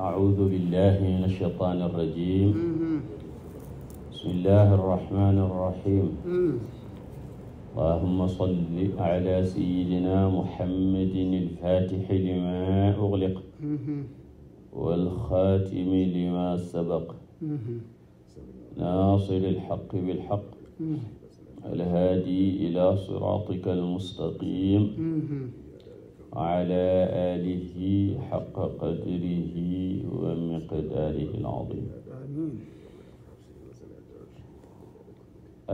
أعوذ بالله من الشيطان الرجيم بسم الله الرحمن الرحيم اللهم صل على سيدنا محمد الفاتح لما أغلق والخاتم لما سبق ناصر الحق بالحق الهادي إلى صراطك المستقيم وعلى آله حق قدره ومقداره العظيم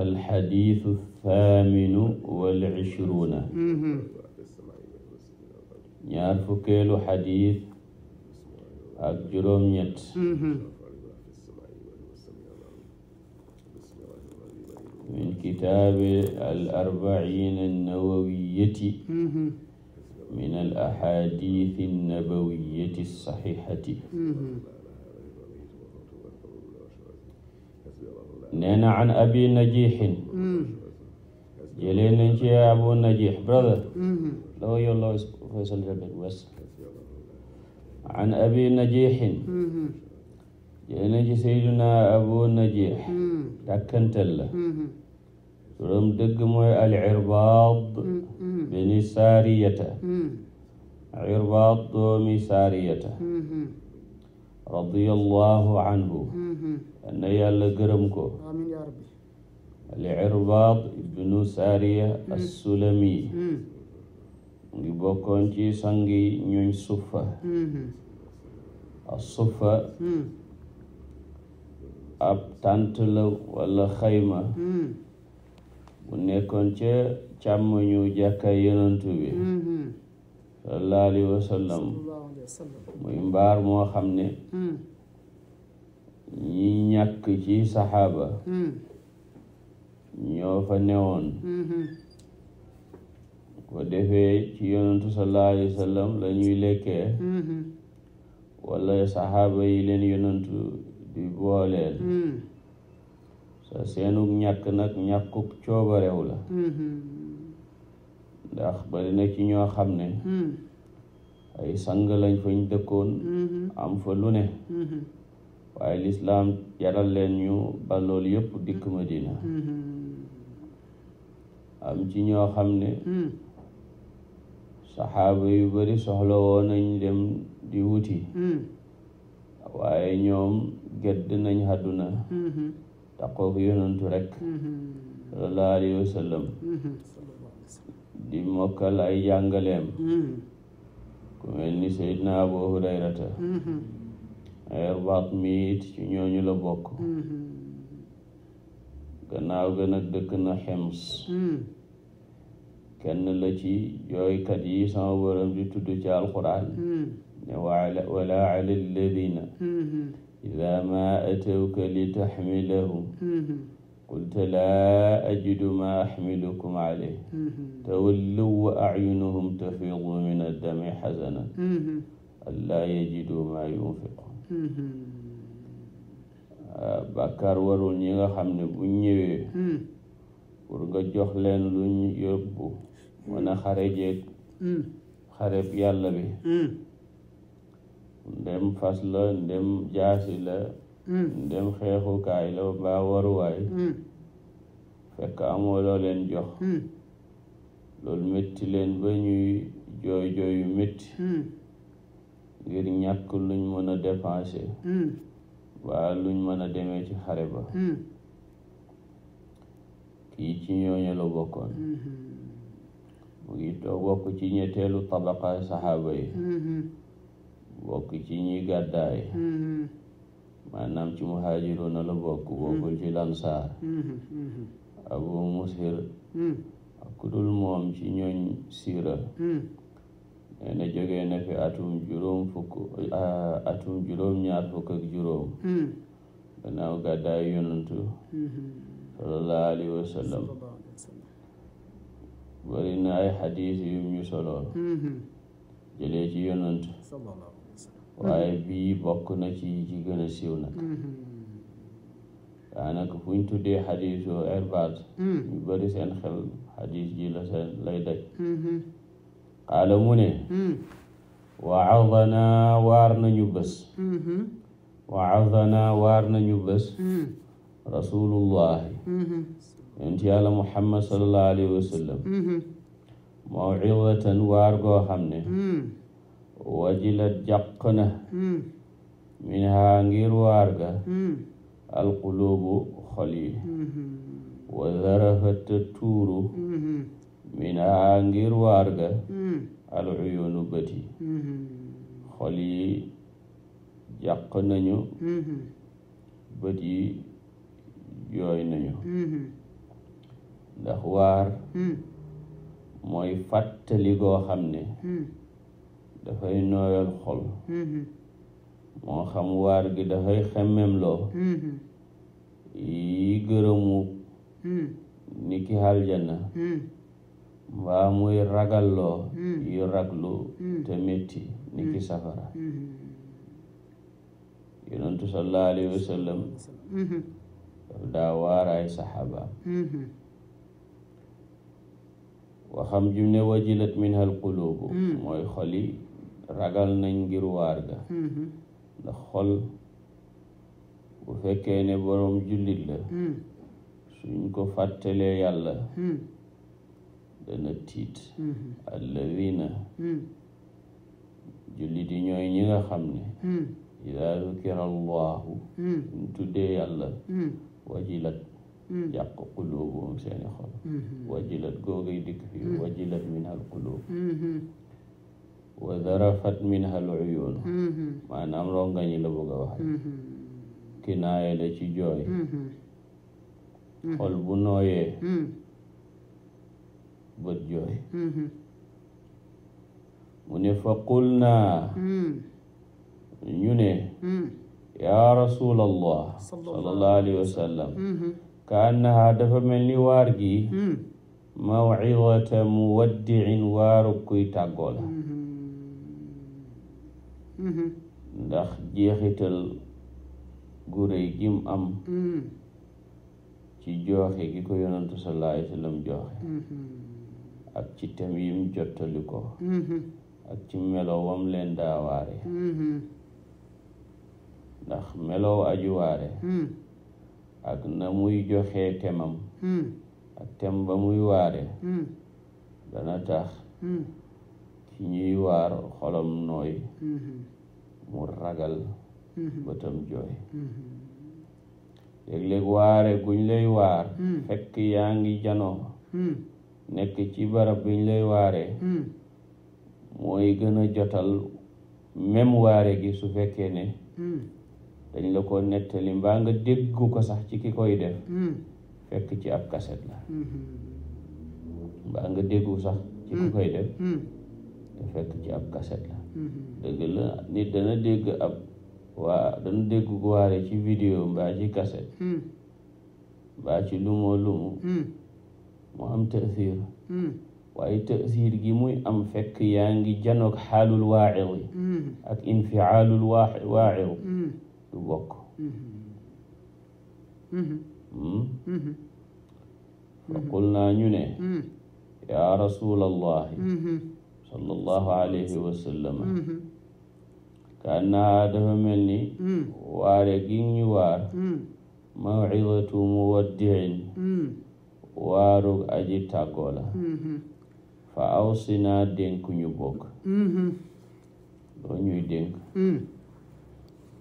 الحديث الثامن والعشرون ñaar fukkeelu xadiis ak juróom-ñett min kitaabi al arbaciina an-nawawiyya min al ahadith an-nabawiyyati as-sahihati nee na an abi najiixin jëlee nañ ci abu najiix brother low yo low voice a little bit west an abi najiixin jëlee nañ ci sayduna abu najiix dàkkantal la turam dëgg mooy al irbaad mm, mm. bini saariyata mm. irbaad doomi saariyata radiyallahu anhu na yàlla gërëm ko al irbaad ibnu saariya assulami ngi bokkoon ci sangi ñuñ suffa asuffa ab tànt wala xayma mu nekkoon ca càmm jàkkaay yonantu bi mm-hmm. sallallahu alayhi wa muy mbaar moo xam ne mm. ñi ñàkk ci saxaaba mm. ñoo fa newoon mm-hmm. ko defee ci yonantu sallallahu alayhi wa sallam la ñuy lekkee mm-hmm. wala saxaaba yi leen yonantu di booleel mm. seenu ñàkk nag ñàkkub coobarew la mm-hmm. ndax bari na ci ñoo xam ne mm-hmm. ay sang lañ fañ dëkkoon mm-hmm. am fa lu ne waaye lislaam jaral leen ñu ba loolu yëpp dikk Madina am ci ñoo xam ne saxaaba yu bari soxla woon nañ dem di wuti waaye ñoom gedd nañu àdduna taqoog yonantu rek sallallahu alayhi wa sallam di mokkal ay jàngaleem ku mel ni Seydina Abu Hurayrata Irbaat mi it ci ñooñu la bokk gannaaw ga nag dëkk na Hims kenn la ci jooykat yi sama borom di tudd ci alquran ne wala ala alladina إذا ما أتوك لتحملهم قلت لا أجد ما أحملكم عليه تولوا وأعينهم تفيض من الدم حزنا ألا يجدوا ما ينفقون bàkkaar warul ñi nga xam ne bu ñëwee pour nga jox leen luñ yóbbu mën a xare jeeg xareb yàlla bi ndem fas la ndem jaasi la mm. ndem xeexukaay la mbaa waruwaay mm. fekk amoo loo leen jox mm. loolu métti leen ba ñuy jooy jooy yu métti ngir ñàkk luñ mën a dépenser waa luñ mën a demee ci xare ba kii ci ñooñu la bokkoon mm-hmm. mu ngi bokk ci ñetteelu tabaqaay saxaaba yi mm-hmm. bokk ci ñuy gàddaay mm-hmm. maanaam ci muhaajiruna la bokk bokkul mm-hmm. ci lansaar mm-hmm. abu musir mm. ak dul moom ci ñooñ siira mm. nee na na fi atum juróom fukk atum juróom ñaar fukk juróom mm. gannaaw gàddaay yonantu sallallahu alayhi wa sallam bari na ay ñu solo jëlee ci Mm-hmm. waaye bii bokk na ci ci gën a siiw nag mm-hmm. daanaka fu ñu tuddee xadiisu mm. seen xel xadiis ji la seen mm-hmm. mu ne mm. wacadanaa waar nañu bés waar nañu bés mm. rasulullahi yonent yàlla muhammad sallallahu alayhi wa sallam waar goo xam ne wajilat jàq na hmm. min haa ngir waar ga hmm. alquluubu xol yi hmm. wa zarafat tuuru min haa ngir waar ga aluyuunu bët yi xol yi jàq nañu bët yi jooy nañu ndax waar mooy fàttali goo xam ne dafay nooyal xol mm-hmm. moo xam waar gi dafay xemmem loo mm-hmm. yi gërëmu mm-hmm. ni ki aljana mbaa muy ragalloo yu raglu te métti ni safara yonentu sallallahu alayhi wa sallam daf daa waaraay saxaabaam waxam jum ne wajilat minha alqulubu mooy xol ragal nañ ngir waar ga mm-hmm. ndax xol bu fekkee ne boroom jullit la mm. suñ ko fàttalee yàlla mm. dana tiit mm-hmm. mm. jullit yi ñooy ñi xam ne ida zukira allahu suñ tuddee yàlla wajilat yàq quluubuhum seeni xol mm-hmm. wajilat googuy dikk fii wajilat min al wa zarafat minha al-uyun mm-hmm. maanaam rongañ yi la bëgg a wax mm-hmm. kinaaya la ci jooy mm-hmm. xol bu nooyee bët jooy mu ne fa qul mm. ñu ne mm. yaa rasulallah sallallahu alayhi wa sallam ka annaha dafa mel ni waar gi mm. mawcidata muwaddiin waaru kuy tàggoo Mm-hmm. ndax jeexital gu rëy gi mu am mm-hmm. ci jooxe gi ko yonantu sallallahu alayhi wa sallam jooxe mm-hmm. ak ci tem yim jottali ko ak ci melo wam leen daawaare ndax melow ajuwaare ak na muy joxe temam ak tem ba muy waare dana tax ki ñuy waar xolam nooy mm-hmm. mu ragal mm-hmm. bëtam jooy mm-hmm. léeg-léeg waare guñ lay waar mm. fekk yaa ngi janoo mm. nekk ci barab biñ lay waare mm. mooy gën a jotal même waare gi su fekkee ne dañ la ko nettali mbaa nga dégg ko sax ci ki koy def fekk ci ab kaset la mbaa nga déggu sax ci ki koy def fekk ci ab kaset la mm-hmm. dëgg la nit dana dégg ab waa dana dégg gu waare ci vidéo mbaa ci kaset mm. mbaa ci lumoo lumu mm. mu am taasiir mm. waaye taasiir gi muy am fekk yaa ngi janoog xaalul waaxil ak infilaalul waaxil du bokk mm-hmm. Mm-hmm. fa qul naa ñu ne yaa rasulallahi sallallahu alayhi wa sallam mm-hmm. kaannaha mel ni mm. waare gi ñu waar mm. mawcidatu muwaddiin mm. waarug aji tàggoo la mm-hmm. fa awsinaa dénk ñu bokk mm-hmm. loo ñuy dénk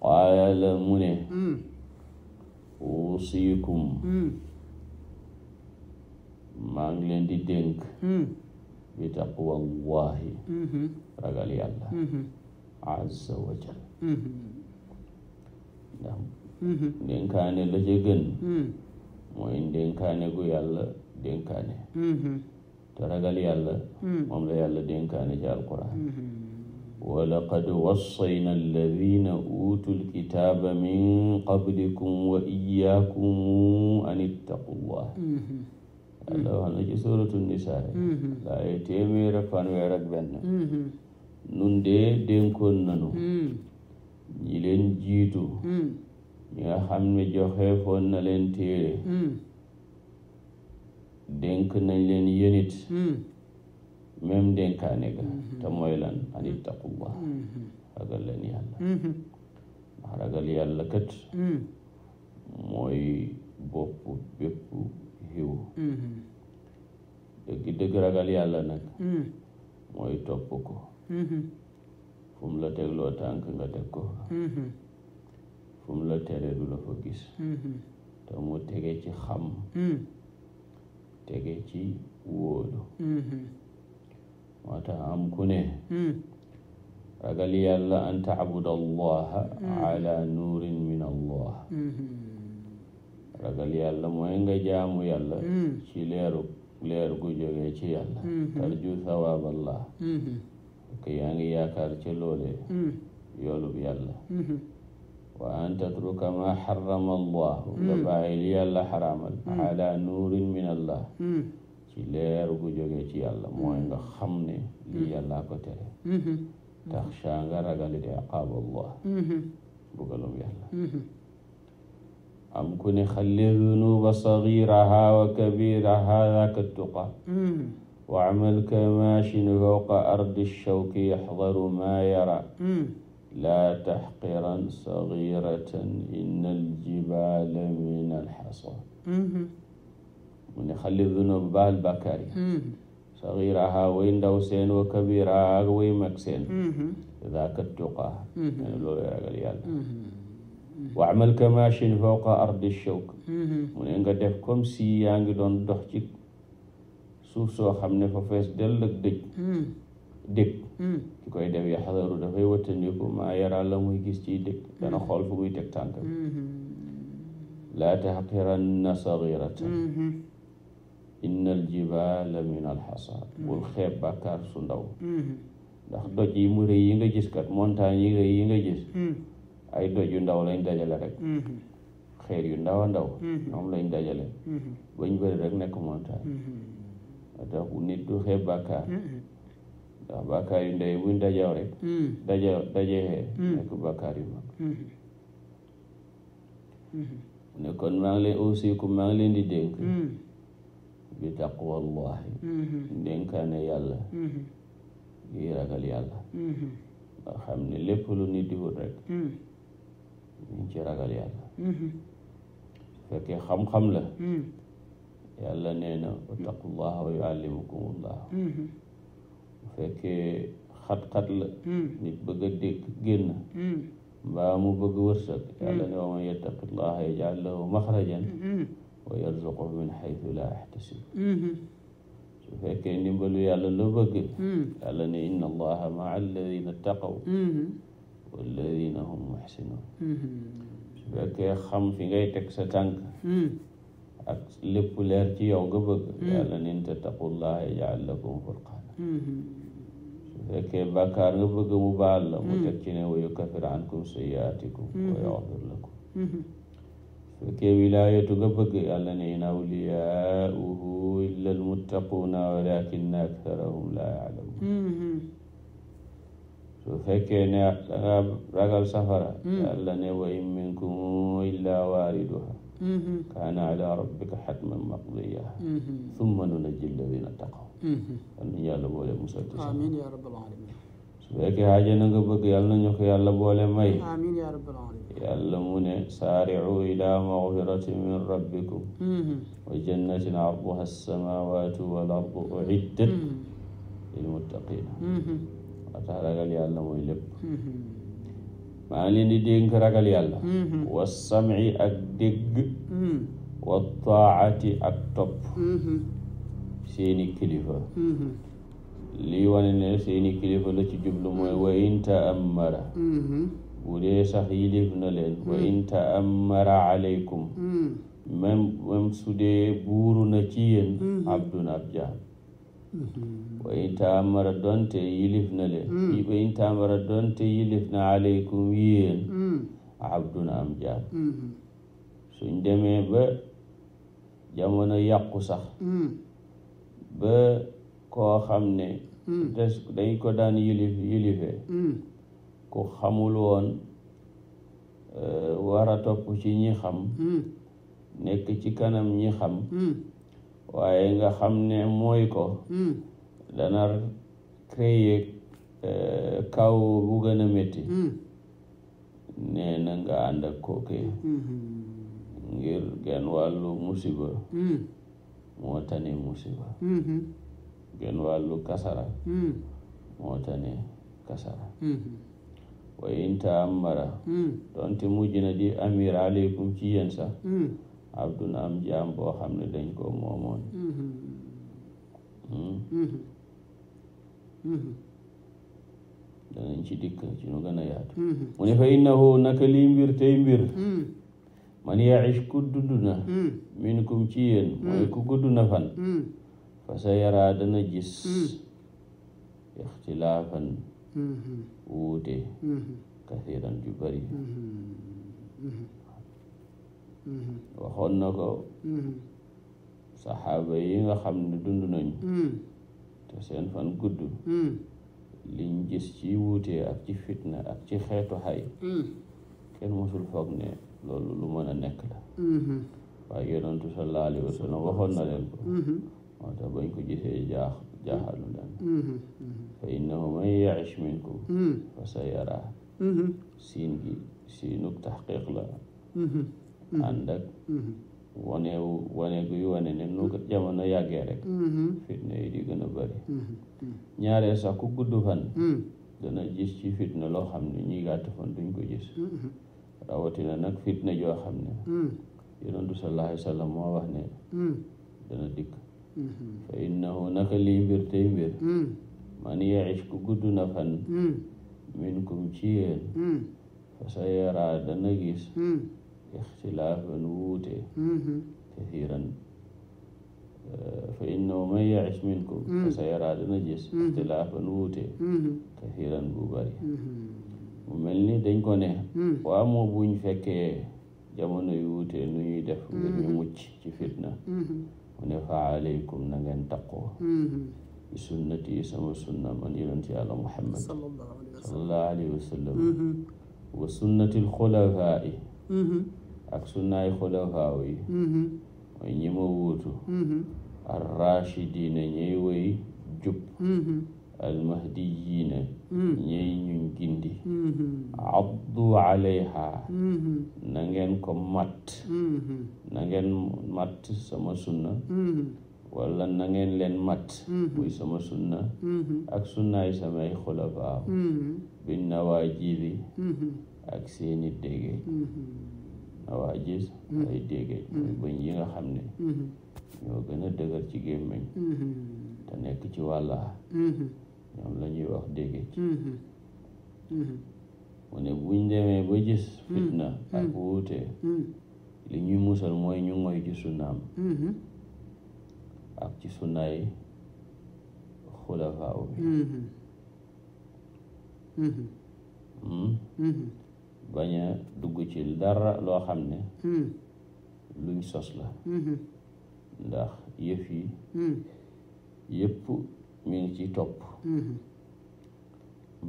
qaala la ne wusiikum maa ngi leen di dénk bi taqwallahi mm-hmm. ragal yàlla mm-hmm. azza wa jal mm-hmm. ndax dénkaane la ca gën mm. mooy dénkaane gu yàlla dénkaane te ragal yàlla mm. moom la yàlla dénkaane ci alquran wa laqad wassayna alladina utu lkitaaba min qablikum wa iyaakum an ittaqullah yàlla wax na ci sóoratu nisaa la ay téeméer ak fanweer ak benn nun dee dénkoon nanu ñi leen jiitu ñi nga xam ne joxeefoon na leen téere dénk nañ leen yénit même dénkaane ga te mooy lan an ittaqullah ragal leen yàlla ndax yàlla kat mooy bopp bépp xiw mm-hmm. dëgg dëgg ragal yàlla nag mm. mooy topp ko mm-hmm. la tegloo tànk nga teg ko mm-hmm. fu la tere du la fa gis te mu tege ci xam mm. tege ci wóolu am ku mm. ragal yàlla an taabuda allaha ala nuurin min allah ragal yàlla mooy nga jaamu yàlla hmm. ci leeru leer gu jógee ci yàlla hmm. tarju sawaaballah hmm. ko yaa ngi yaakaar ca loolee yoolub wa an tatruka ma xarama allahu nga bàyyi li yàlla xaraamal ala nuurin min allah ci leer gu jógee ci yàlla mooy nga xam ne li yàlla ko tere tax saa nga ragal allah bugalum yàlla am ku ne xalli zunuba sagiraha wa kabiraha daka tuqa hmm. wa amal kamashin fawqa ardi shawki yaxdaru ma yara hmm. laa taxqiran sagiratan inna aljibala min alxasa mu hmm. ne xalli zunuba baal bàkkaar yi sagiraha way ndaw seen wa kabiraha way mag seen daka tuqa loolu ragal yàlla Mhm. wa amal ka maashin fawqa ardi mhm. nga def comme si yaa ngi doon dox ci suuf soo xam ne fa fees dell ak dëj mhm. koy def yaxdaru dafay wattandiku maa yara la muy gis ciy dëkk dana xool fu muy teg tànkam laa taxqiranna sagiratan inna aljibaala min alxasa bul xeeb bàkkaar su ndaw ndax doj yi mu rëy yi nga gis kat montagne yi rëy nga gis ay doj yu ndaw lañ dajale rek mm-hmm. xeer yu ndaw a ndaw moom mm-hmm. lañ dajale mm-hmm. bañ bëri rek nekk montagne tax nit du xeeb bàkkaar ndax bàkkaar yu ndey buñ dajaw rek dajaw dajexee nekk bàkkaar yu mag ne kon maa leen aussiku maa ngi leen di dénk bi taqwallahi dénkaane yàlla yi ragal yàlla nga xam ne lépp lu nit di wut rek ñu ci ragal yàlla mm-hmm. fekkee xam-xam la mm-hmm. yàlla nee na wattaqullaha wa yuallimukumullah bu mm-hmm. fekkee xat-xat la nit bëgg a dékk génn mbaa mu bëgg wërsëg yàlla ne wa man yattaqillaha yaj'al lahu maxrajan wa yarzuqhu min xaytu laa yaxtasib su fekkee ndimbalu yàlla la bëgg yàlla ne inna allaha maa alladina ttaqaw walladina hum muxsinuun su fekkee xam fi ngay teg sa tànk mm. ak lépp leer ci yow nga bëgg mm. yàlla nin tattaqullaha yaj'al lakum furqaana mm-hmm. su fekkee bàkkaar nga bëgg mu baal la mu mm. teg ci ne wa yukaffir ankum sayyi'aatikum wa mm-hmm. yaghfir lakum mm-hmm. su fekkee wilaayatu nga bëgg yàlla ne in awliyaa'uhu illa almuttaquuna walakinna aktharahum laa ya'lamuun su fekkee ne danga ragal safara yàlla ne wa in minkum illaa waariduha kaana ala rabbika xatman maqdiya summa nunajji alladina taqaw yal nañu yàlla boole musal ci amiin yaa rabbal alamin su fekkee xaaja na nga bëgg yal nañu ko yàlla boole may amiin yaa rabbal alamin yàlla mu ne saaricu ila magfiratin min rabbikum wa jannatin arduha alsamawatu wal ardu uiddat lilmuttaqina ndax ragal yàlla mooy lépp mm-hmm. maa ngi leen di ragal yàlla mm-hmm. wa sam'i ak dégg mm-hmm. wa taati ak topp seeni kilifa lii wane ne seeni kilifa la ci jublu mooy wa in ta'ammara bu dee sax yilif na leen wa in ta'ammara alaykum même su dee buuru na ci abdun ab wa in taamara donte yilif na leen wa taamara donte yilif na aleykum yéen abdun am jaam suñ demee ba jamono yàqu sax ba koo xam ne des dañ ko daan yilif yilife ku xamul woon war topp ci ñi xam nekk ci kanam ñi xam waaye nga xam ne mooy ko hmm. dana créer euh, kaw bu gën a métti hmm. nee na nga ànd ak kooke hmm. wàllu musiba moo tane musiba genn wàllu kasara moo kasara wa in taamara donte mujj na di amir aleykum ci yéen sax abdun am jaam boo xam ne dañ ko moomoon hmm? danañ ci dikk ci nu gën a yaatu mu ne fa innahu naka lii mbir tey mbir man ku dudd na minkum ci yéen mooy ku gudd na fan fa sa yaraa dana gis ixtilaafan wuute kathiran ju bari waxoon na ko saxaaba yi nga xam ne dund nañu te seen fan gudd liñ gis ci wuute ak ci fitna ak ci xeetu xay kenn mosul foog ne loolu lu mën nekk la waaye yonentu sallallahu alayhi wa sallam waxoon na leen ko moo tax bañ ko gisee jaax jaaxalu leen fa innahu man yaish minkum fa sa mm-hmm. siin gi siinuk taxqiq la ànd mm-hmm. ak uh, mm-hmm. waneewu wone guy wane ne nu ko mm-hmm. jamono yàggee rek fitna yi di gën a bëri ñaareel sax ku gudd fan mm. dana gis ci fitna loo xam ne ñi gàtt fan duñ ko gis rawatina nag fitna joo xam ne mm. yonentu sallallahu alayhi wa sallam moo wax ne mm. dana dikk fa innahu naka lii mbir tey mbir man ya'ish ku gudd na fan minkum ci yéen fa sa yaraa dana gis ixtilaafan wuute kathiran fa innahu man ya'ish minkum fa sayaraa dana gis ixtilaafan wuute kathiran bu bari mu mel ni dañ ko ne waa moo buñ fekkee jamono yu wuute nu ñuy def ngir ñu mucc ci fitna mu ne fa aleykum na ngeen taqoo bi sunnati sama sunna man yonent yàlla muhammad sallallahu alayhi wa sallam wa sunnati alxulafaa ak sunnaay xulafaaw yi mm-hmm. mooy ñi ma wuutu mm-hmm. ñey woy jub mm-hmm. al mahdiyina ñey ñuñ gindi abdu alayha na ngeen ko matt na ngeen matt sama sunna wala na ngeen leen matt sama sunna ak sunnaay samay xulafaaw bi nawaajibi ak seeni dégge xawaajis mm-hmm. ay déggéej mm-hmm. mooy bëñ yi nga xam ne mm-hmm. ñoo gën a dëgër ci gémmiñ te nekk ci wàllaa ñoom la wax déggéej mu ne buñ demee ba gis fitna ak wuute li ñuy musal mooy ñu ngoy ci sunnaam ak ci sunnaay xulafaaw bi hmm? bañ dugg ci dara loo xam ne hmm. luñ sos la hmm. ndax yëf yi hmm. yëpp mi ngi ci topp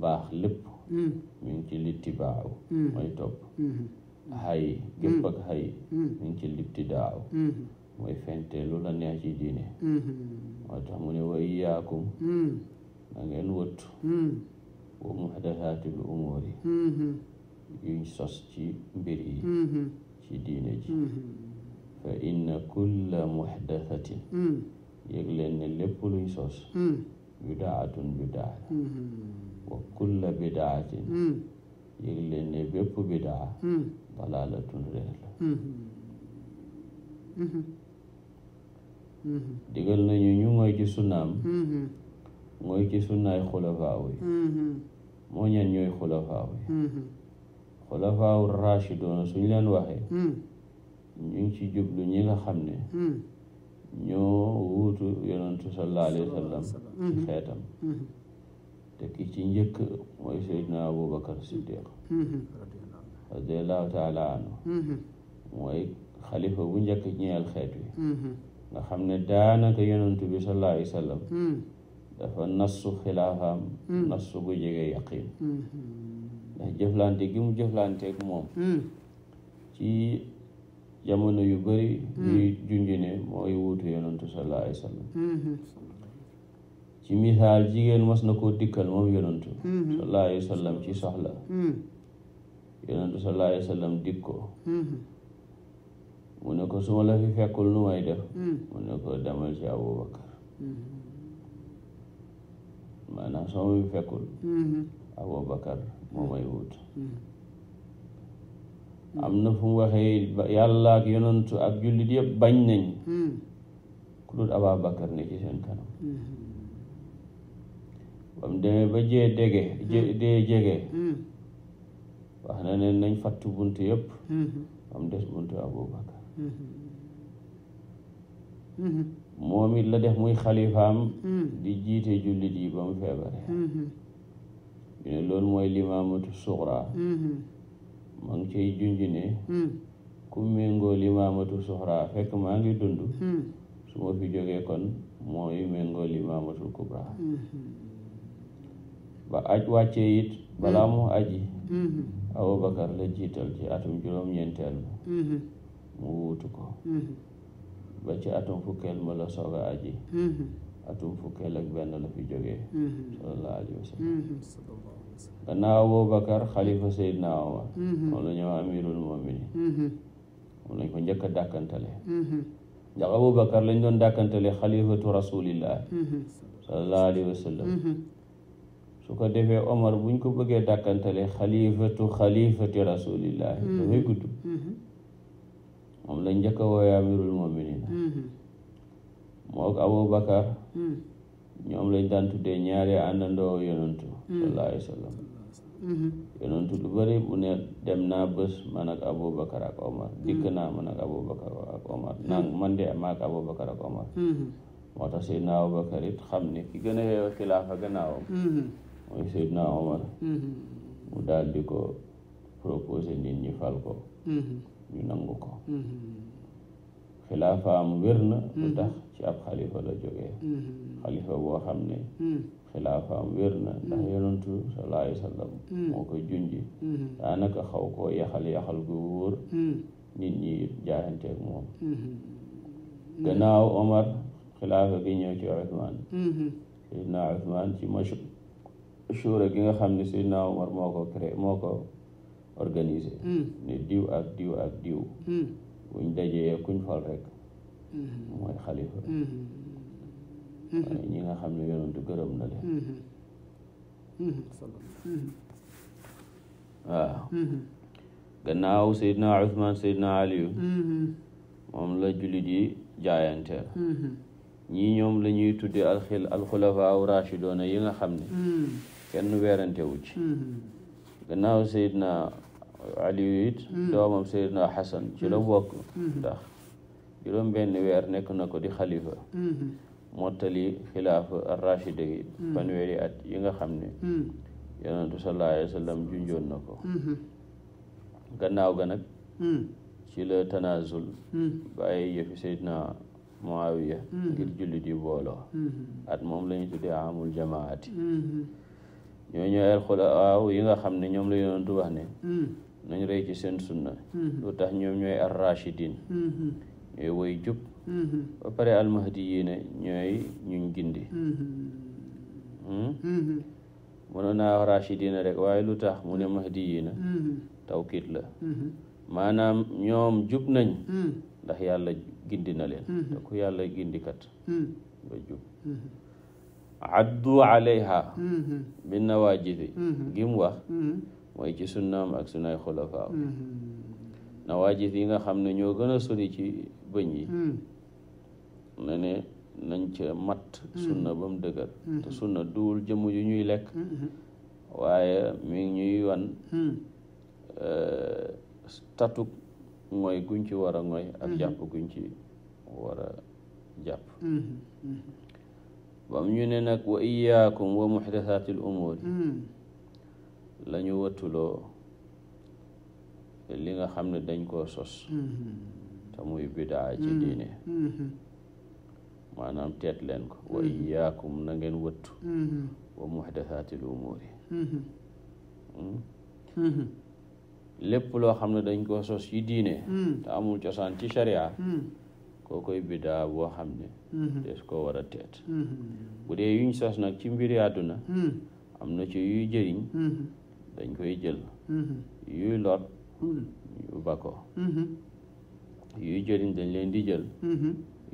baax lépp mi ngi ci litti baaw mooy topp xay gépp ak xay mi ci litti daaw mooy fente lu la neex ci diine moo tax mu ne wa iyaakum na ngeen wëttu wa muhdathaatil umuur yi yuñ sos ci mbir yi mm-hmm. ci diine ji mm-hmm. fa inna kulla muhdathatin mm. yëg leen ne lépp luñ sos mm. bidaatun bidaa mm-hmm. wa kulla bidaatin mm. yëg leen bidaa dalaalatun réer la digal nañu ñu mooy ci sunnaam mooy ci sunnaay xulafaaw moo ñan ñooy xulafaaw xulafaawu raashidoona suñ leen waxee hmm. ñu ngi ci jublu ñi nga xam ne hmm. ñoo wuutu yonentu sallallahu alayhi wa sallam ci hmm. xeetam te ki ci njëkk mooy seydina abubakar siddiq radiallahu taala anhu mooy xalifa bu njëkk ñeel xeet wi nga xam ne daanaka yonentu bi sallallahu alayhi wa sallam dafa nassu xilaafaam nassu gu jege yaqin ndax jëflante gi mu jëflanteek moom hmm. ci jamono yu bari hmm. ñuy junjune mooy wuutu yonantu sallallahu alayhi hmm. ci misaal jigéen mas na koo dikkal moom yonantu sallallahu alayhi ci soxla yonantu sallallahu alayhi wa ko mu ne ko su ma la fi fekkul nu may def mu ne ko demal ci Abubakar maanaam soo ma fi fekkul Abubakar moo may wut hmm. am na fu mu waxee yàlla ak yonantu ak jullit yëpp bañ nañ hmm. ku dul Abubakar ne ci seen kanam hmm. ba demee ba jee dege dee jege wax na ne nañ fattu bunt yëpp am des buntu Abubakar moom it la def muy xalifaam di jiite jullit yi ba mu feebaree ñu ne loolu mooy limaamatu suxra mm-hmm. maa ngi cay junj ne mm. ku méngoo limaamatu suxra fekk maa ngi dund mm. su ma fi jógee kon mooy méngoo limaamatu kubra mm-hmm. ba aj wàccee it balaa mu aji mm-hmm. Abubakar la jiital ci atum juróom-ñeenteel bi mu wuutu ko ba ci atum fukkeel ma la soog aji atum fukkeel ak benn la fi jógee mm-hmm. mm-hmm. sallallahu alayhi wa sallam gannaaw Abubakar xalifa Seydina Omar mm-hmm. moom la amirul muminin moom lañ ko njëkk a dàkkantale ndax Abubakar lañ doon dàkkantale xalifatu rasulillah sallallahu alayhi wa su ko defee Omar buñ ko bëggee dàkkantale xalifatu xalifati rasulillah dafay gudd moom lañ njëkk wooye amirul muminin moo ak Abubakar hmm. ñoom lañ daan tuddee ñaari àndandoo yonantu hmm. sallallahu alayhi wa sallam hmm. yonantu lu bu ne dem naa bés man ak Abubakar ak Omar dikk naa man ak Abubakar ak Omar moo tax Seydina Abubakar it xam ne ki gën a yeewu xilaafa gannaawam mooy Seydina Omar mu daal di ko nit ñi fal ko ñu ko xilaafaam wér na mm-hmm. tax ci ab xalifa la jógee mm-hmm. xalifa boo xam ne mm-hmm. xilaafaam wér na ndax yonentu sallallahu alayhi wa moo koy junji daanaka xaw koo yaxal-yaxal gu wóor nit ñi jaayanteeg moom gannaaw Omar xilaafa gi ñëw ci Usmaan ci mashura nga xam ne Seydina Omar moo ko créé moo ko organisé mm. ne diw ak diw ak diw mm. buñ dajee kuñ fal rek mm-hmm. mooy xalifa waaye mm-hmm. ñi nga xam ne yonentu gërëm na leen mm-hmm. waaw gannaaw Seydina Ousmane Aliyu moom la jullit yi ñii ñoom lañuy ñuy tudde alxil alxulafaa raashidoona yi nga xam ne kenn weerante wu ci gannaaw aliyu it hmm. doomam seydina xasan ci la hmm. bokk hmm. ndax juróom benn weer nekk na ko di xalifa mottali xilaafa arrachida yi yi nga xam ne yonentu sallallahu alayhi wa sallam junjoon na ko gannaaw ga nag ci la tanazul bàyyi yëfi seydina muawiya ngir jullit yi booloo at moom la ñu tuddee amul jamaati ñoo ñoo el xulafaa yi nga xam ne ñoom la yonentu wax ne nañ rey ci seen sunna mm-hmm. lu tax ñoom ñooy ar rachidin mm-hmm. ñooy woy jub mm-hmm. ba pare almahdiyiina ñooy ñuñ gindi hmm? mënoon naa wax rek waaye lu tax mu ne mahdiyiina tawkiit la maanaam ñoom jub nañ ndax yàlla gindi na leen te ku yàlla gindikat nga jub addu alayha bin nawaajidi gim wax mooy ci sunnaam ak sunnaay xulafaa mm-hmm. nawaajid yi nga xam ne ñoo gën a sori ci bëñ yi mm. na ne nañ ca mat mm. sunna ba mu dëgër mm-hmm. te sunna duul jëmm yu ñuy lekk mm-hmm. waaye mi ngi ñuy wan mm. eh, statuk mooy guñ ci war a mooy ak jàpp guñ ci war a jàpp bam ñu ne nag wa iyaakum wa muxdathaatil umuur lañu wëttuloo li nga xam ne dañ koo sos mm-hmm. te bidaa ci mm-hmm. diine mm-hmm. maanaam teet leen ko wa iyaakum na ngeen wëttu wa muxdathaatil umuuri lépp loo xam ne dañ ko sos yi diine te cosaan ci sharia koo koy bidaa boo xam ne des koo war a bu dee yuñ sos nag ci mbiri àdduna am na ci yuy jëriñ dañ koy jël mm-hmm. yuy lor ñu mm-hmm. ba mm-hmm. yuy jëriñ dañ leen di jël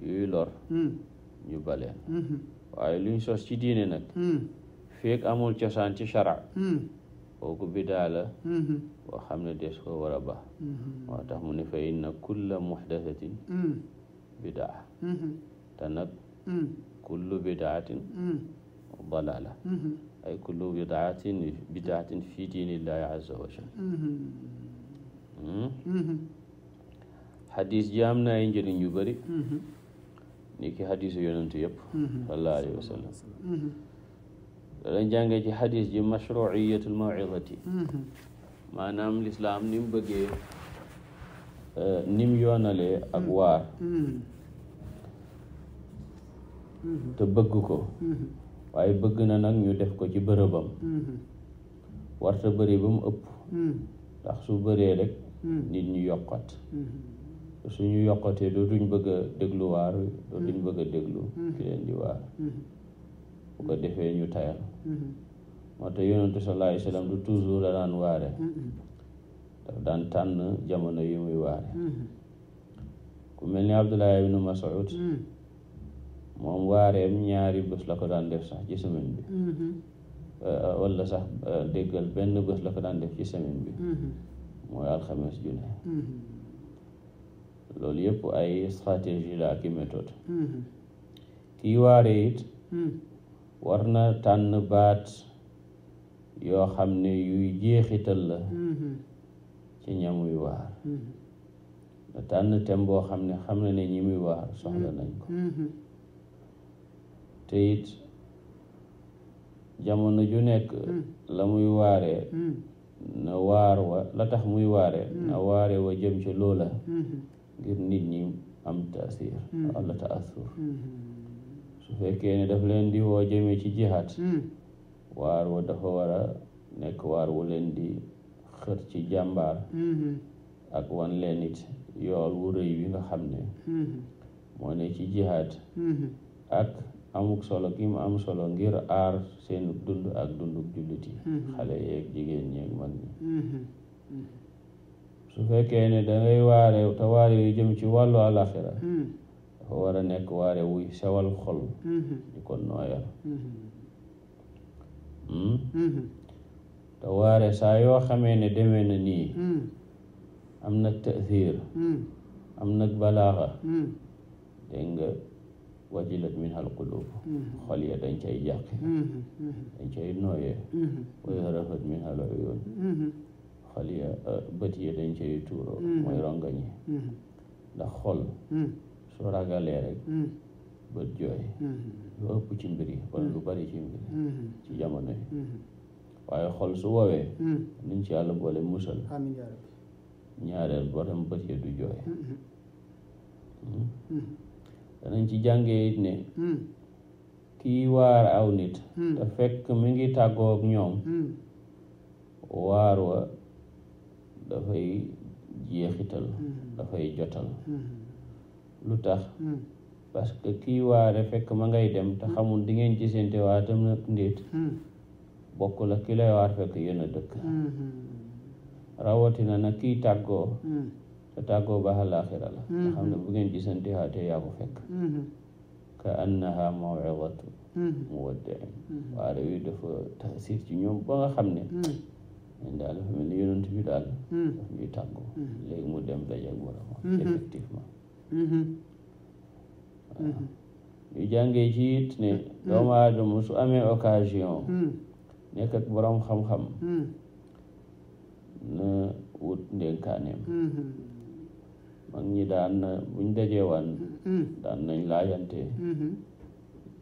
yuy lor ñu ba waaye luñ sos ci diine nag feek amul cosaan ci shara kooku bidaa la boo xam ne des ko war a tax mu ne fa inna kulla muhdathatin bidaa te nag kullu bidaatin dalaala ay kullu bidaatin bidaatin fi diinillahi azza wa jal xadis ji am na ay yu bëri ni ki xadisu yonent yëpp sallallahu alayhi wa sallam dalañ jànge ci xadis ji mashruiyatul mawidati maanaam lislaam ni mu bëggee ni mu yoonalee ak waar te bëgg ko waaye bëgg na nag ñu def ko ci bërëbam mm-hmm. warta bëri ba mu ëpp mm. ndax su bëree rek mm. nit ñu yokkat mm-hmm. suñu yokkatee dootuñ bëgg a déglu waar mm. bëgg a déglu mm-hmm. ki leen di waar bu ko defee ñu tayal moo tax yonentu sallallahu alayhi wa sallam la daan waare daf daan tànn jamono yi muy waare ku mel ni Abdullah nu Mas'ud moom waareem ñaari bés la ko daan def sax ci semaine bi mm-hmm. euh, wala sax euh, déggal benn bés la ko daan def ci semaine bi mm-hmm. mooy alxames ju mm-hmm. loolu yëpp ay stratégie la ak i méthode kii waare it mm. war na tànn baat yoo xam ne yuy jeexital la ci ñamuy waar tànn tem boo xam ne xam na ne ñi muy waar soxla nañ ko te jamono ju nekk hmm. la muy waare hmm. na waar wa la tax muy waaree hmm. na waare wa jëm ci loola ngir nit ñi am taasir walla taasur su fekkee ne daf leen di woo jëmee ci jihaat waar wa dafa wara nekk waar wu leen di xër ci jàmbaar ak wan leen it yool wu rëy bi nga xam ne moo ne ci jihaat ak amuk solo gi mu am solo ngir aar seen dund ak dunduk jullit yi mm-hmm. xale yeeg jigéen ñeeg mag mm-hmm. Mm-hmm. su fekkee ne dangay waare te waare yu jëm ci wàllu àlaxira dafa war a nekk waare wuy sewal xol ñu ko nooyal hmm? te waare saa yoo xamee ne demee na nii am nag taasiir am nag balaaxa dégg nga wajilat min hal qulub mm-hmm. xol ya dañ cay jàqe mm-hmm. dañ cay nooyee mm-hmm. way rafat min hal uyun xol ya uh, bët ya dañ cay tuuroo mooy rongañ yi ndax xol su ragalee rek bët jooy lu ëpp ci mbir yi wala lu bari ci mbir yi ci jamono waaye xol su woowee nuñ ci yàlla boole musal ñaareel borom bët ya du jooy hmm? danañ ci jànge it ne hmm. kiy waar aw nit hmm. te fekk mi ngi tàggoog ñoom hmm. waar wa dafay jeexital dafay jotal lu tax parce que kiy waare fekk ma ngay dem te xamul di ngeen gisante waa tam nag ndéet bokk la ki lay waar fekk yéen dëkk rawatina nag kiy tàggoo te tàggoo ba àllaaxira la mm-hmm. nga xam ne bu ngeen gisante yaa ko fekk mm-hmm. ka annaha mawidatu mm-hmm. muwaddain waare wi dafa taasir ci ñoom ba nga xam ne ñun daal dafa mel ni yonent mu dem dajak boroma effectivement waaw ñu ci it ne doomu aadama su amee occasion nekk ak borom xam-xam na wut ndénkaaneem mag ñi daan na buñ dajeewaan daan nañ laajante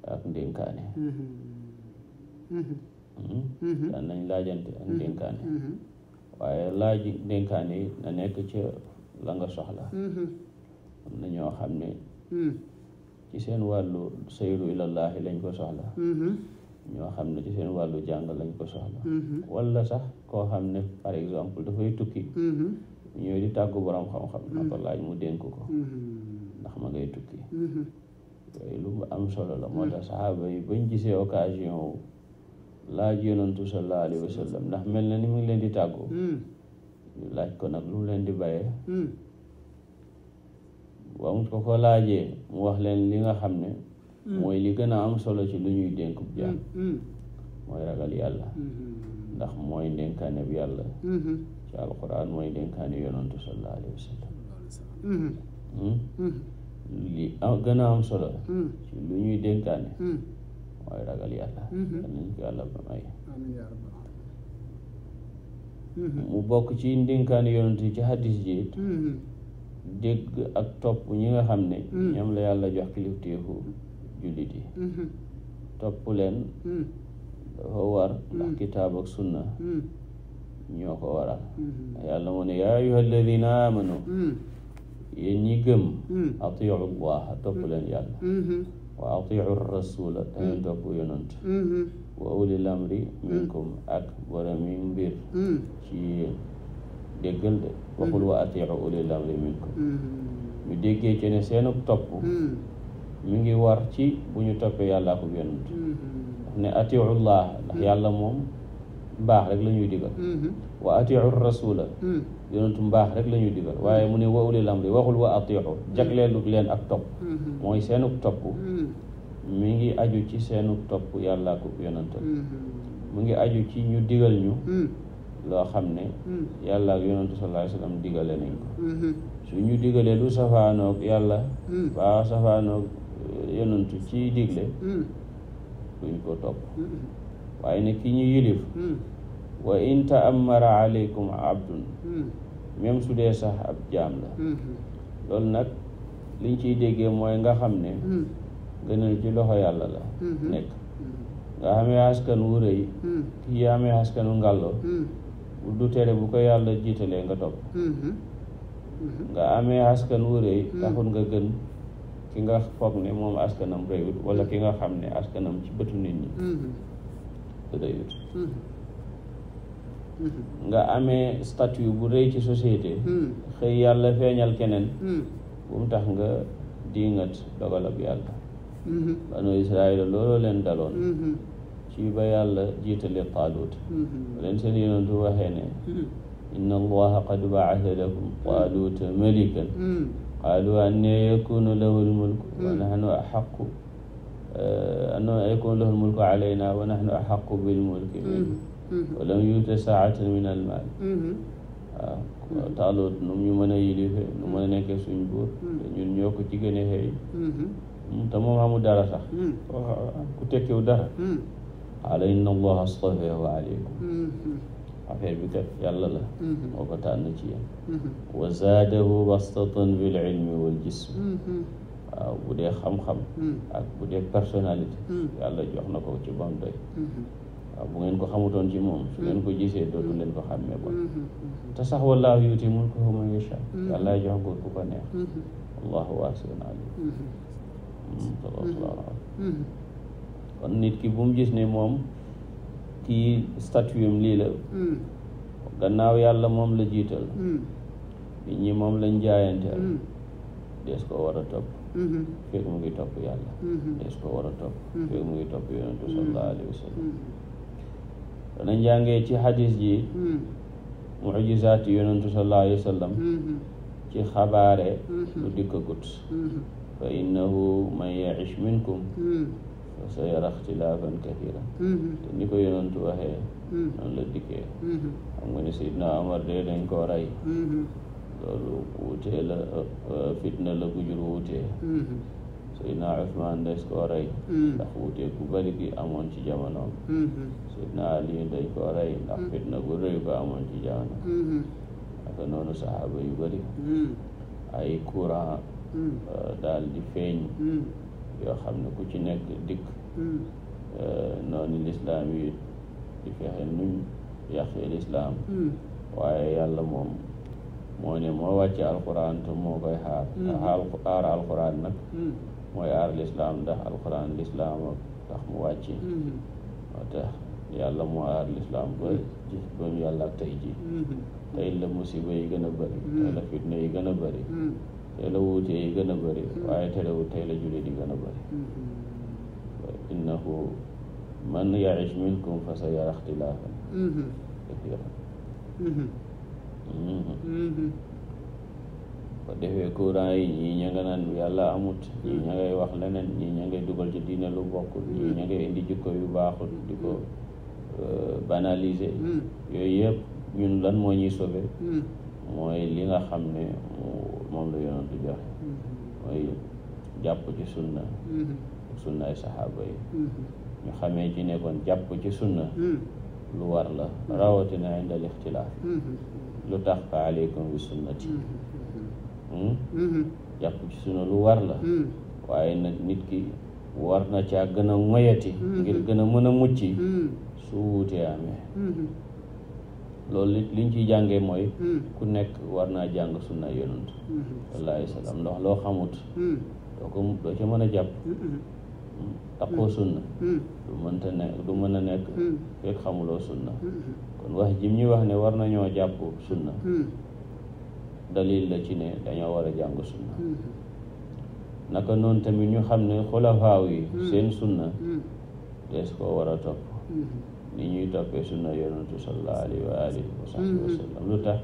ak ndénkaane daan nañ laajante ak ndénkaane waaye laaj ndénkaane yi na nekk ci la nga soxla am na ñoo xam ne ci seen wàllu sayru ilallaahi lañ ko soxla ñoo xam ne ci seen wàllu jàng lañ ko soxla wala sax koo xam ne par exemple dafay tukki ñëwee di tàggu borom xam-xam na mm-hmm. ko laaj mu dénk ko mm-hmm. ndax ma ngay tukki mm-hmm. yooyu lu am solo la moo tax saxaaba yi bañ gisee occasion wu laaj yonantu sallallahu alayhi wa sallam ndax mel na ni mu ngi leen di tàggu laaj ko nag lu mu leen di bàyyee wam ko ko laajee mu wax leen li nga xam ne mooy li gën a am solo ci lu ñuy dénkub jaam mooy ragal yàlla ndax mooy ndénkaane bi yàlla ci alquran mooy dénkaane yonantu sallallahu alayhi wa mm-hmm. Hmm? Mm-hmm. li gën a am solo mm-hmm. ci lu ñuy dénkaane mooy ragal yàlla mu bokk ci ndénkaane yonent ci hadis ji dégg ak topp ñi nga xam ne ñoom la yàlla jox kilifteefu jullit topp leen dafa war ndax kitaab ak sunna ñoo ko waral mm-hmm. yàlla moo ne yaa ayuha alladina amanu mm. yéen ñi gëm mm. atiu llaha topp leen mm-hmm. yàlla mm-hmm. wa atiu rasula te ngeen mm. topp yonant wa ulil amri minkum ak boromi mbir ci yéen déggal de waxul wa atiu ulil amri minkum ñu déggee ci ne seenu topp mi ngi war ci bu ñu toppee yàlla ak yonant wax ne atiu llah ndax yàlla moom baax rek la ñuy digal mm-hmm. wa atiu rasula mm. yonentu mbaax rek la ñuy digal waaye mu ne wa ulil amri waxul wa atiu mm-hmm. jagleelu leen ak topp mm-hmm. mooy seenuk topp mi ngi aju ci seenuk topp yàlla ko mu ngi aju ci ñu digal ñu mm. loo xam ne mm. yàlla ak yonentu sallallahu alayhi wasallam digale nañ ko su ñu digalee lu safaanoog yàlla waa safaanoog yonentu ci digle duñ ko topp waaye ne ki ñu yilif hmm. wa in taamara aleykum abdun hmm. même su dee sax ab jaam la hmm, loolu nag liñ ciy déggee mooy nga xam ne gënal ci loxo yàlla la nekk nga xamee askan wu rëy kii bu ko yàlla jiitalee nga nga amee askan wu nga gën ki nga foog ne moom askanam rëyut wala ki nga xam ne askanam ci bëtu nit ñi doyut mm-hmm. mm-hmm. nga amee statut bu rëy ci société mm-hmm. xëy yàlla feeñal keneen bu tax nga diingat dogalab yàlla banu israila looloo leen daloon ci ba jiitale taalut leen seen yonentu waxee ne inna allaha qad baasa lakum taaluta malikan qaalu anna yakunu lahu lmulk wa nahnu axaqu أنه يكون له الملك علينا ونحن أحق بالملك منه ولم يؤت ساعة من المال waaw taalut nu ñu mën a yilife nu mën a nekkee suñ buur te ñun ñoo ko ci gën a xëy te moom amul dara sax ku tekkiw dara xaala inna allaha astafahu aleykum affaire bi kat yàlla la moo ko tànn ci yéen wa zaadahu bastatan bil ilmi wal jism waaw bu dee xam-xam hmm. ak bu dee personnalité hmm. yàlla jox na ko ci bam doy hmm. waaw bu ngeen ko xamutoon ci moom su ngeen ko gisee dootu leen ko xàmmee bon te sax wallaahu yuuti mulkahu man yashaa yàlla jox góor ko neex wallaahu waasiun aliim kon nit ki bum gis ni moom ki statuum lii la gannaaw yàlla moom la jiital nit ñi moom lañ jaayanteel des ko war a topp fekk mu ngi topp yàlla des ko war a topp fekk mu ngi topp yonentu sallallahu alayhi wa sallam danañ mm-hmm. jàngee ci xadis ji mujizaati yonentu sallallahu alayhi wa sallam ci xabaare lu mm-hmm. dikkagut mm-hmm. fa innahu man ya'ish minkum fa sa yara ixtilaafan kathiira ni ko yonentu waxee noonu la dikkee xam nga ne Seydina Omar dee dañ koo rey loolu wuutee la euh, fitna la gu jur wuutee mm-hmm. Seydina Usmaan dañ mm-hmm. ndax wuutee ku bari gi amoon ci jamonoom mm-hmm. Seydina Ali dañ koo rey ndax fitna gu rëy ko amoon ci jamonoom naka noonu saxaaba yu bari ay courant euh, daal di feeñ yoo xam ne ku ci nekk dikk euh, noonu lislaam yi fexe nuñ yàqee lislaam waaye yàlla moom moo ne moo wàcce alquran te moo koy xaar ndax mm. aar alquran nag mm. mooy aar lislaam ndax alquran lislaam tax mu wàcce mm-hmm. moo tax yàlla moo aar lislaam ba ji mm. ba yàlla ak tey ji mm-hmm. tey la musiba yi gën a bëri tey la fitna yi gën a bëri tey la wuute yi la jullit yi gën a bëri mm-hmm. innahu man yaish minkum fa sa yara ixtilaafan ko mm-hmm. defee courant yi ñii ña nga naan yàlla amut ñii ña wax leneen ñii ña ngay dugal ci diine lu bokkul ñii ña ngay indi jikko yu baaxul di ko euh, banalise mm-hmm. yooyu yëpp ñun lan moo ñuy sauvé mm-hmm. mooy li nga xam ne moom la yonent du joxe mooy jàpp ci sunna sunna ay saxaaba yi ñu xamee ci nekkoon jàpp ci sunna lu war la rawatina indal ixtilaaf lu tax fa aleykum bi sunnati mm-hmm. Hmm? Mm-hmm. jàpp ci sunu lu war la mm-hmm. waaye nag nit ki war na caa gën a moyati ngir gën a mën a mucc su wuutee amee loolu liñ ciy jàngee mooy ku nekk war naa jàng sunna yonent wallaahi salaam ndox loo xamut doo ko doo ca mën a jàpp taqoo sunna du mënta nekk du mën a nekk fekk xamuloo sunna kon wax jim ñuy wax ne war nañoo jàpp sunna hmm. dalil la ci ne dañoo war a jàng sunna hmm. naka noon tamit ñu xam ne xulafaaw yi hmm. seen sunna des koo war a topp ni ñuy toppee sunna yonantu sallallahu alayhi wa alihi wa tax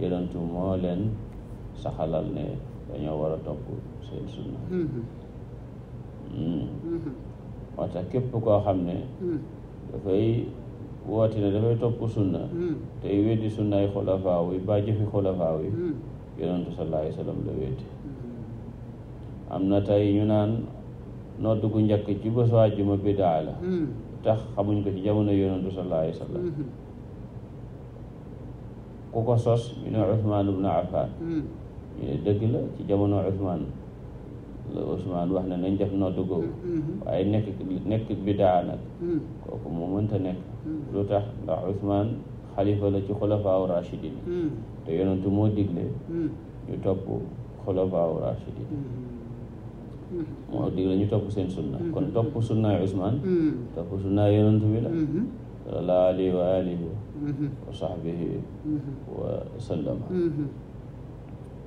yonantu leen saxalal ne dañoo war a topp seen sunna képp koo xam ne dafay woote ne dafay topp sunna hmm. tey weddi sunnaay xulafaaw yi ba jëfi xulafaaw yi hmm. yonentu sallallahu alayhi la weddi hmm. am na tey ñu naan nodd gu njëkk ci bés àjjuma bidaa la tax xamuñ ko ci jamono yonentu sallallahu alayhi wa sallam ku ko sos ñu ne Usmaan ibn Affaan ñu ne dëgg la ci jamono Usmaan la Usmaan wax ne nañ def nodd googu waaye nekk nekk bidaa nag kooku moo nekk Hmm. lu tax ndax Ousmane xalifa la ci xulafaaw rachidin hmm. te yonentu moo digle hmm. ñu topp xulafaaw rachidin moo digle ñu topp seen sunna kon topp sunnaay Ousmane topp sunnaay yonentu bi la sallallahu alayhi wa alihi wa sahbihi wa sallama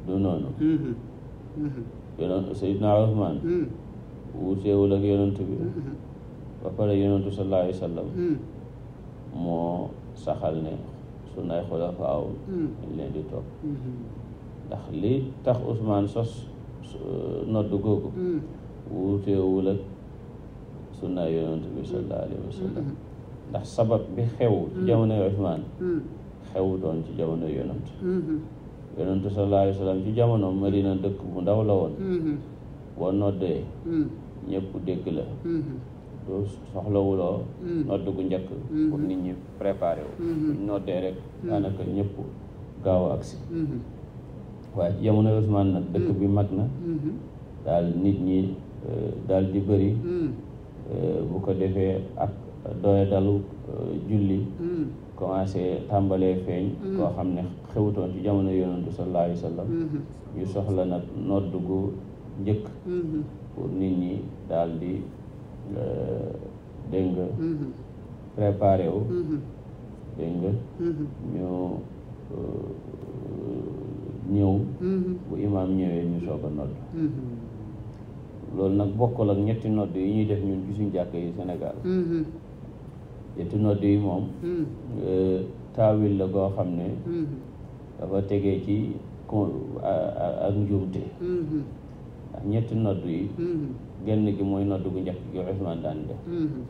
du noonu yonent sayidna Ousmane wuuteewul ak yonentu bi ba pare yonentu sallallahu alayhi wa sallam moo saxal ne sunnay xulafaaw hmm. dañ leen di topp hmm. ndax li tax Ousmane sos euh, nodd googu hmm. wuuteewul ak sunna yonent bi sallallahu sabab bi xew ci jamonoy Ousmane xew ci jamono yonent yonent sallallahu alayhi wa sallam jamono Madina dëkk bu ndaw la woon boo noddee ñëpp dégg la soxlawuloo mm. nodd gu njëkk mm-hmm. pour nit ñi préparé wu mm-hmm. noddee rek mm-hmm. daanaka ñëpp gaaw agsi waaye ci jamono Usmaan nag dëkk mm. bi mag na daal nit ñi euh, daal di bëri mm. euh, bu ko defee ak doye dalu euh, julli commencé tàmbalee feeñ koo xam ne xewutoon ci jamono yonantu sallallahu alayhi ñu soxla nag nodd gu njëkk pour nit ñi daal di dégg nga mm-hmm. préparé wu mm-hmm. dégg nga mm-hmm. ñu euh, ñëw bu imaam ñëwee ñu soog nodd loolu nag bokkul ak ñetti nodd yi ñuy def ñun ci suñ jàkk yi Sénégal ñetti nodd yi moom euh, taawil la goo xam ne dafa tegee ci ak njuumte ñetti nodd yi mm-hmm. genn gi mooy nodd gu njëkk gi Usmaan daan def mm-hmm.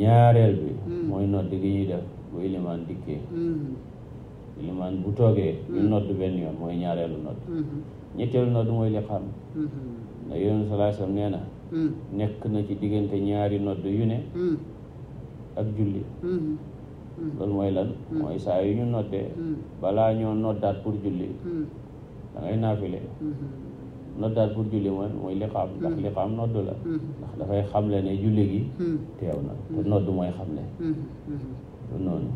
ñaareel bi mm-hmm. mooy nodd gi ñuy def bu ilimaan dikkee ilimaan bu toogee ñu nodd benn yoon mooy ñaareelu nodd ñetteelu nodd mooy li xam na yoonu salaasam nee nekk na ci diggante ñaari nodd yu ne ak julli loolu mooy lan mooy saa yu ñu noddee balaa ñoo noddaat pour julli da ngay noddaat pour julli mooy mooy liqaam ndax hmm. liqaam nodd la hmm. ndax dafay xamle ne julli gi hmm. teew na te nodd mooy xamle du noonu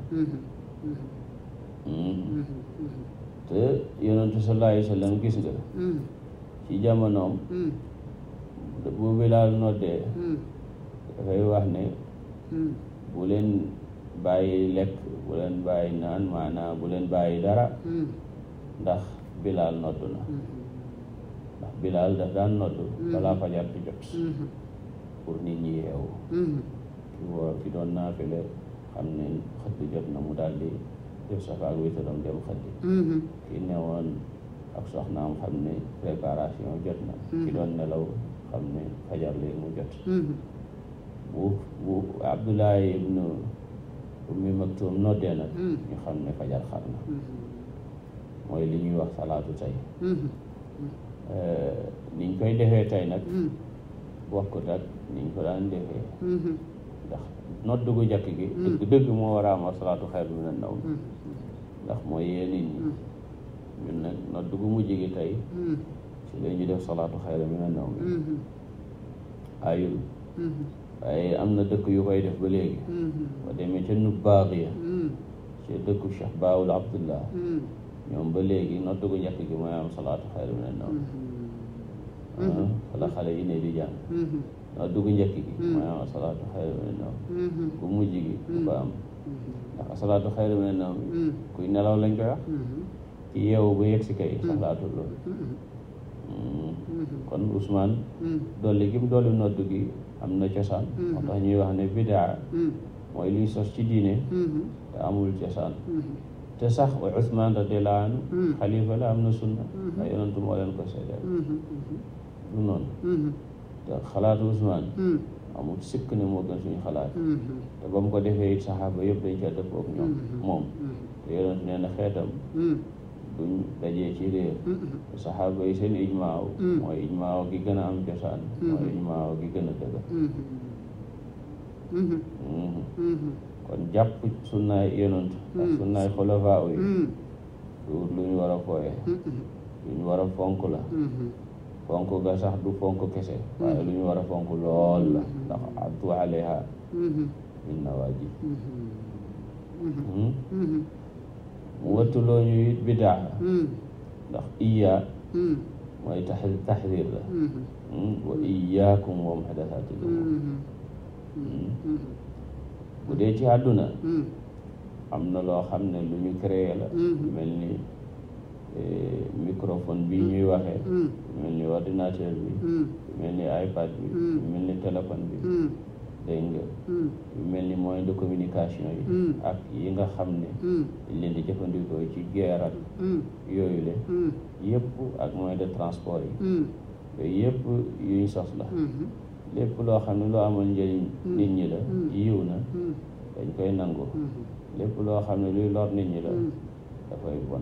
te yonentu sallallahu alayhi wa sallam gis nga ci jamonoom bu bilaal noddee dafay wax ne bu leen bàyyi lekk bu leen bàyyi naan maanaam bu leen bàyyi dara ndax bilaal nodd na ndax bilaal daf daan noddu mhm. balaa fajar di jot mhm. pour nit ñi yeewu mhm. ki doon naafile xam ne xëdd jot na mu daal di def safa ak wétalam dem xëdd ki newoon ak soxnaam xam ne préparation jot na ki doon nelaw xam ne fajar lay mu jot bu bu abdoulaye ibnu ummi maktuum noddee nag ñu xam ne fajar xar na mooy li ñuy wax salaatu tey niñ koy defee tey nag hmm. bokkut ak niñ ko daan defee ndax nodd gu jàkk gi hmm. dëgg dëgg moo war a am asalaatu xayru mina hmm. ndax mooy yee nit ñi ñun nag nodd gu mujj gi tey ci la ñu def salaatu xayru mina nawm ayul waaye am na dëkk yu koy def ba léegi ba demee ca nu baax ya ca dëkku Cheikh Baawul Abdullah ñoom ba léegi noddu gu njëkk gi mooy am salaatu xayru mina nawm mm-hmm. Ah, mm-hmm. wala xale yi ne di jàng mm-hmm. noddu gu njëkk gi mooy am salaatu xayru mina nawm kuy nelaw lañ koy wax bu yegg si kay xalaatu kon Ousmane dolli gi mu am na cosaan moo tax ñuy wax ne bidaa mooy luy sos ci diine te amul cosaan te sax Ousmane radiyallaahu anhu hmm. xalifa am na sunna hmm. ndax yonentu moo leen ko seedeel hmm, du noonu te xalaatu Ousmane amul sikk ne moo gën suñu xalaat te ba mu ko defee it saxaaba yëpp dañ ca dëppoo ak ñoom moom te yonentu nee na xeetam buñ dajee ci réer te saxaaba yi mooy ijmaaw gi gën a am mooy ijmaaw gi gën a dëgër kon jàpp sunnaay yonent ak sunnaay xulafaaw yi duur lu ñu war a fooye lu ñu war a fonk la fonk gasax du fonk kese waaye lu ñu war a fonk lool la ndax addu aleyha min nawaajib mu ñu it bidaa ndax iyaa mooy tax taxdir la wa iyaakum wa muxdasaati l umuur bu dee ci àdduna hmm. am na loo xam ne lu ñu créé la hmm. mel ni eh, microfone bi hmm. ñuy waxee mel ni ordinateur bi mel ni iPad bi mel ni téléphone bi dégg nga mel ni moyen de communication yi ak yi nga xam ne dañ di jëfandikoo ci guerre yooyu le yëpp ak moyen de transport yi yooyu yëpp yuñ sos la lépp loo xam ne lu amoon njëriñ mm. nit ñi la mm. yiw na mm. dañ koy nangu mm-hmm. lépp loo xam ne luy lor nit ñi la dafay bon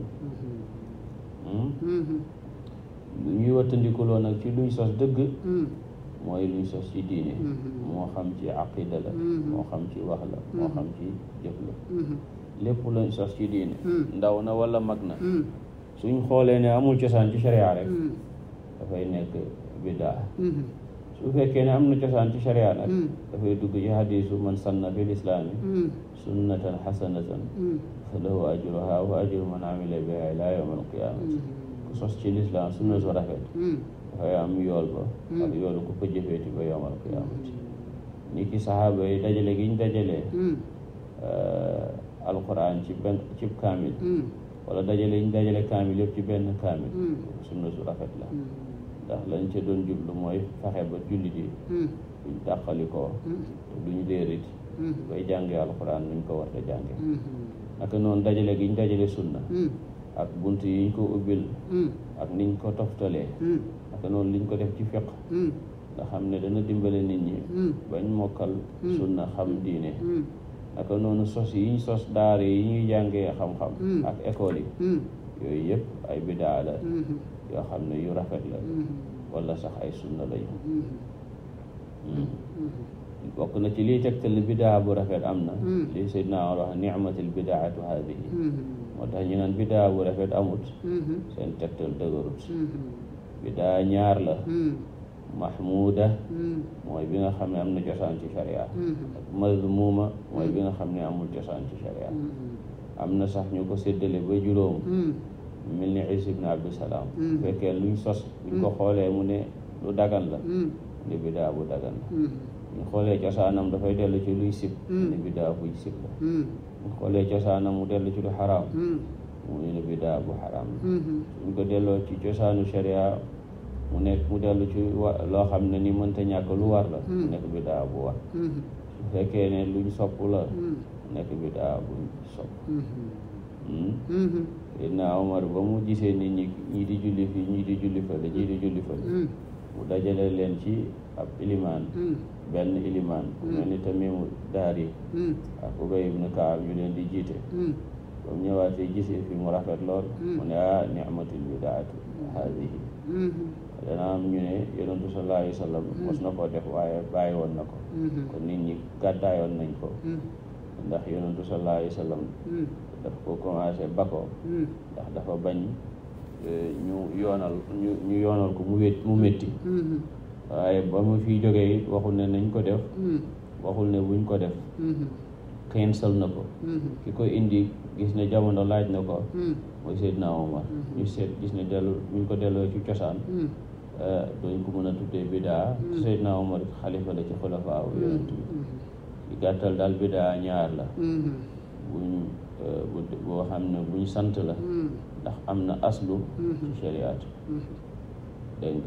mm-hmm. Mm-hmm. ñuy wattandikuloo nag ci luñ sos dëgg mooy luñ sos ci diine moo xam ci aqida la moo xam ci wax la moo xam ci jëf la lépp luñ sos ci diine ndaw na walla mag na suñ xoolee ne amul cosaan ci sharia rek dafay nekk biddaa su fekkee ne am na cosaan ci sharia nag hmm. dafay dugg ci hadisu man sanna fil islaami hmm. sunnatan xasanatan hmm. fa man amila biha ila yawm al qiyamati ku sos ci sunna su rafet dafay am yool ba ak yoolu ku ko ba yawm al ni ki saxaaba yi dajale gi dajalee eh, alquran ci ci kaamil wala dajale dajale kaamil yëpp ci benn kaamil sunna su rafet la ndax lañ ca doon jublu mooy fexe ba jullit ji hmm. duñ tàqalikoo hmm. te duñ réerit hmm. bay jàngee alxuraan nuñ ko war a jànge naka noonu dajale giñ ñu dajale sunna ak bunt yi ñu ko ubbil ak niñ ko toftalee naka noonu liñ ko def ci fiq nga xam ne dana dimbale nit ñi bañ mokkal sunna xam diine naka noonu sos yiñ ñu sos daara yi ñuy jàngee xam-xam ak école yi yooyu yëpp ay bidaa la yoo xam ne yu rafet la mm-hmm. walla sax ay sunna lañu mm-hmm. mm. mm-hmm. bokk na ci lii tegtal bidaa bu rafet am na mm. lii Seydina Omar wax nicmatil bidaatu haadihi ñu naan bidaa bu rafet amut seen tegtal dëgërut bidaa ñaar la mm. mahmuda mooy bi nga xam ne am na cosaan ci sharia ak mazmuma mooy bi nga xam ne amul cosaan ci sharia am na sax ñu ko séddale ba juróom mel ni Iisaa ibn Abdu Salaam mm. bu fekkee luñ sos buñ ko mm. xoolee mu ne lu dagan la ne mm. bidaa bu dagan la buñ xoolee cosaanam dafay dellu ci luy sib mu dellu ci lu ne bidaa bu xaraam la mm-hmm. buñ ko delloo ci cosaanu sharia mu nekk mu dellu ci loo xam ne ni mënta ñàkk lu war la mu nekk bidaa bu war mm-hmm. su fekkee ne luñ sopp la mu nekk bidaa buñ sopp mm-hmm. Seydina hmm? Omar ba mu gisee nit ñi ñii di julli fii ñii di julli fële ñii hmm. mu dajale leen ci ab ilimaan hmm. benn ilimaan ku mel ni Tamimu Daari ak Ubay ibn Kaab ñu leen di jiite ba mu ñëwaatee gisee fi mu rafet lool mu ne ah ni'matul bidaatu haadihi dana am ñu ne yonentu sallallahu alayhi wa mos na ko def waaye bàyyi woon na ko kon nit ñi gàddaayoon nañ ko ndax yonentu sallallahu alayhi wa sallam daf ko commencé ba hmm. ndax dafa bañ eh, ñu yoonal ñu ñu yoonal ko mu wét mu métti hmm, hmm. waaye ba mu fiy jógee it waxul ne nañ ko def waxul ne buñ ko def xeensal na ko ki ko indi gis ne jamono laaj na ko mooy naa Omar ñu seet gis ne dellu buñ ko delloo ci cosaan eh, duñ ko mën a tuddee bidaa Seydina Omar xalifa la ci xulafaa yonent bi ci gàttal daal bidaa ñaar la boo xam ne buñ sant la hmm. ndax am na aslu hmm. ci shariat hmm. dégg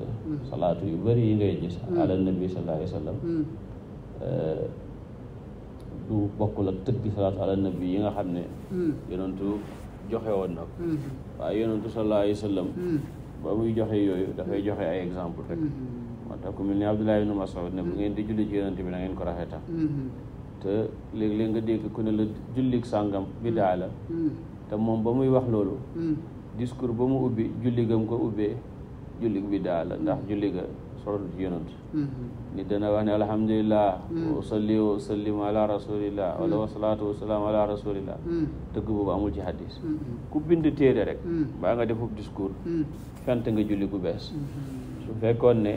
salaatu yu bari yi ngay gis ala nabi sallallahu alayhi wa sallam eh, du bokkul ak yi nga xam ne yonentu joxe woon na ko waaye yonentu sallallahu alayhi wa sallam ba muy joxe yooyu dafay joxe ay exemple rek moo tax ku mel ni Abdullahi ibn Mas'ud ne bu ngeen di julli ci yonent bi na ko rafetal léegi léeg nga dégg ku ne la jullik sàngam bidaa la hmm. te moom ba muy wax loolu hmm. discours ba mu ubbi julli julligam ko ubbee jullig bidaa la ndax hmm. julliga solol ci yonant ni dana wax ne alhamdulillah wa usalli wa usallim ala rasulillah wala wasalaatu wasalaam ala amul ci hadis ku bind téere rek baa nga defub discours fent nga julli gu bees su fekkoon ne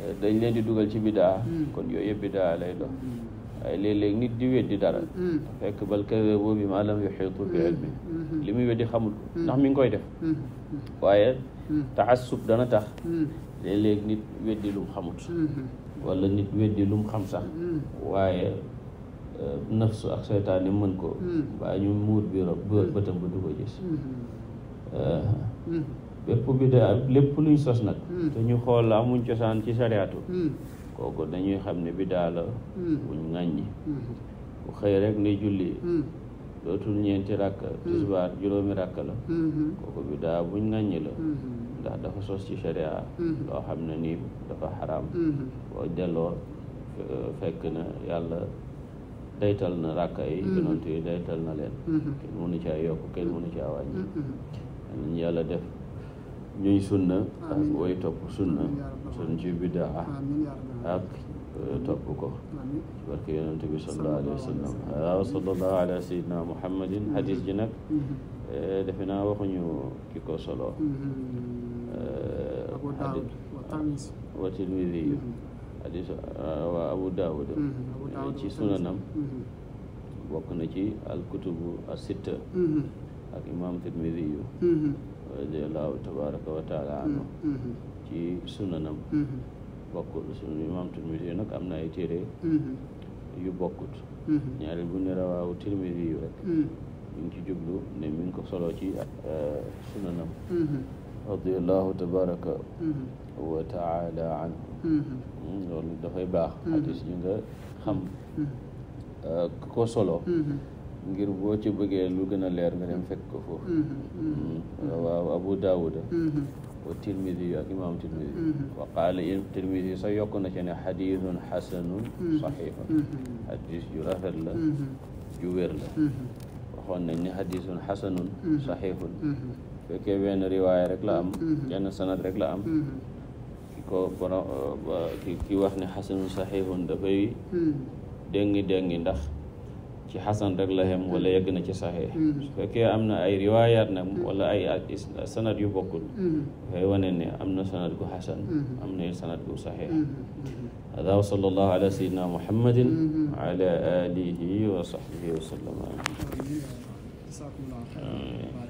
eh, dañ leen di dugal ci bidaa kon yooyu yëpp bidaa lay doon waaye léeg-léeg nit di weddi dara hmm. fekk bal kadabu bi ma lam yuxitu bi hmm. Hmm. li muy weddi xamul ndax mi ngi koy def waaye taxassub dana tax léeg-léeg nit weddi lum xamut wala nit weddi lum xam sax waaye euh, nafsu ak seytaane mën ko baa ñu muur bi rob bëtam ba du ko gis euh, lépp luy sos nag te ñu xool amuñ cosaan ci sariatu kooku dañuy xam ne bidaa la hmm. buñ ŋàññi hmm. bu xëy rek ni julli hmm. dootul ñeenti rakk tisbaar juróomi ràkk la kooku bidaa buñ ŋàññi la ndax dafa sos ci sharia loo xam ne nii dafa xaraam boo delloo euh, fekk na yàlla daytal na rakka yi yonent yi daytal na leen kenn mënu caa yokk kenn mënu caa wàññi yàlla def ñuy sunna ak way topp sunna sun ci bidaa ak euh, topp ko ci barke yonent bi sallallahu alayhi wa sallam wa sallallahu ala sayyidina muhammadin mm-hmm. hadis ji nag mm-hmm. euh, defe naa waxuñu ki ko solo mm-hmm. euh, hadis wa tirmidi hadis wa abu daawud ci sunanam bokk na ci al kutubu as sitta ak imam tirmidi radiallahu tabaraka wa taala mm-hmm. anhu mm-hmm. ci sunanam mm-hmm. bokkul sunu imam Tirmidi nag am na ay téere yu bokkut ñaareel bu ne rawaawu Tirmidi yu rek mi ngi ci jublu ne mi ngi ko solo ci uh, sunanam radiallahu tabaraka wa taala anhu mm, loolu dafay baax xadis yi nga xam uh, ko solo ngir boo ci bëggee lu gën a leer nga dem fekk ko foofu mm-hmm, mm-hmm. Mm-hmm. waaw abu daawuda wa tirmidi ak imam tirmidi wa qaala tirmidi sax yokk na ci ne xadisun xasanun saxiixun ju rafet la ju wér la waxoon nañ ne xadisun xasanun saxiixun fekkee benn riwaaya rek la am benn sanad rek la ki wax ne xasanun saxiixun dafay déngi déngi ndax ci xasan rek la xem wala mm-hmm. yegg na ci saxee mm-hmm. su fekkee am na ay riwaayaat nag mm-hmm. wala ay sanad yu bokkul dafay wane ne am na sanad gu xasan am na sanad gu saxee hada wa sallallahu ala sayyidina muhammadin wa ala alihi wa sahbihi wa sallama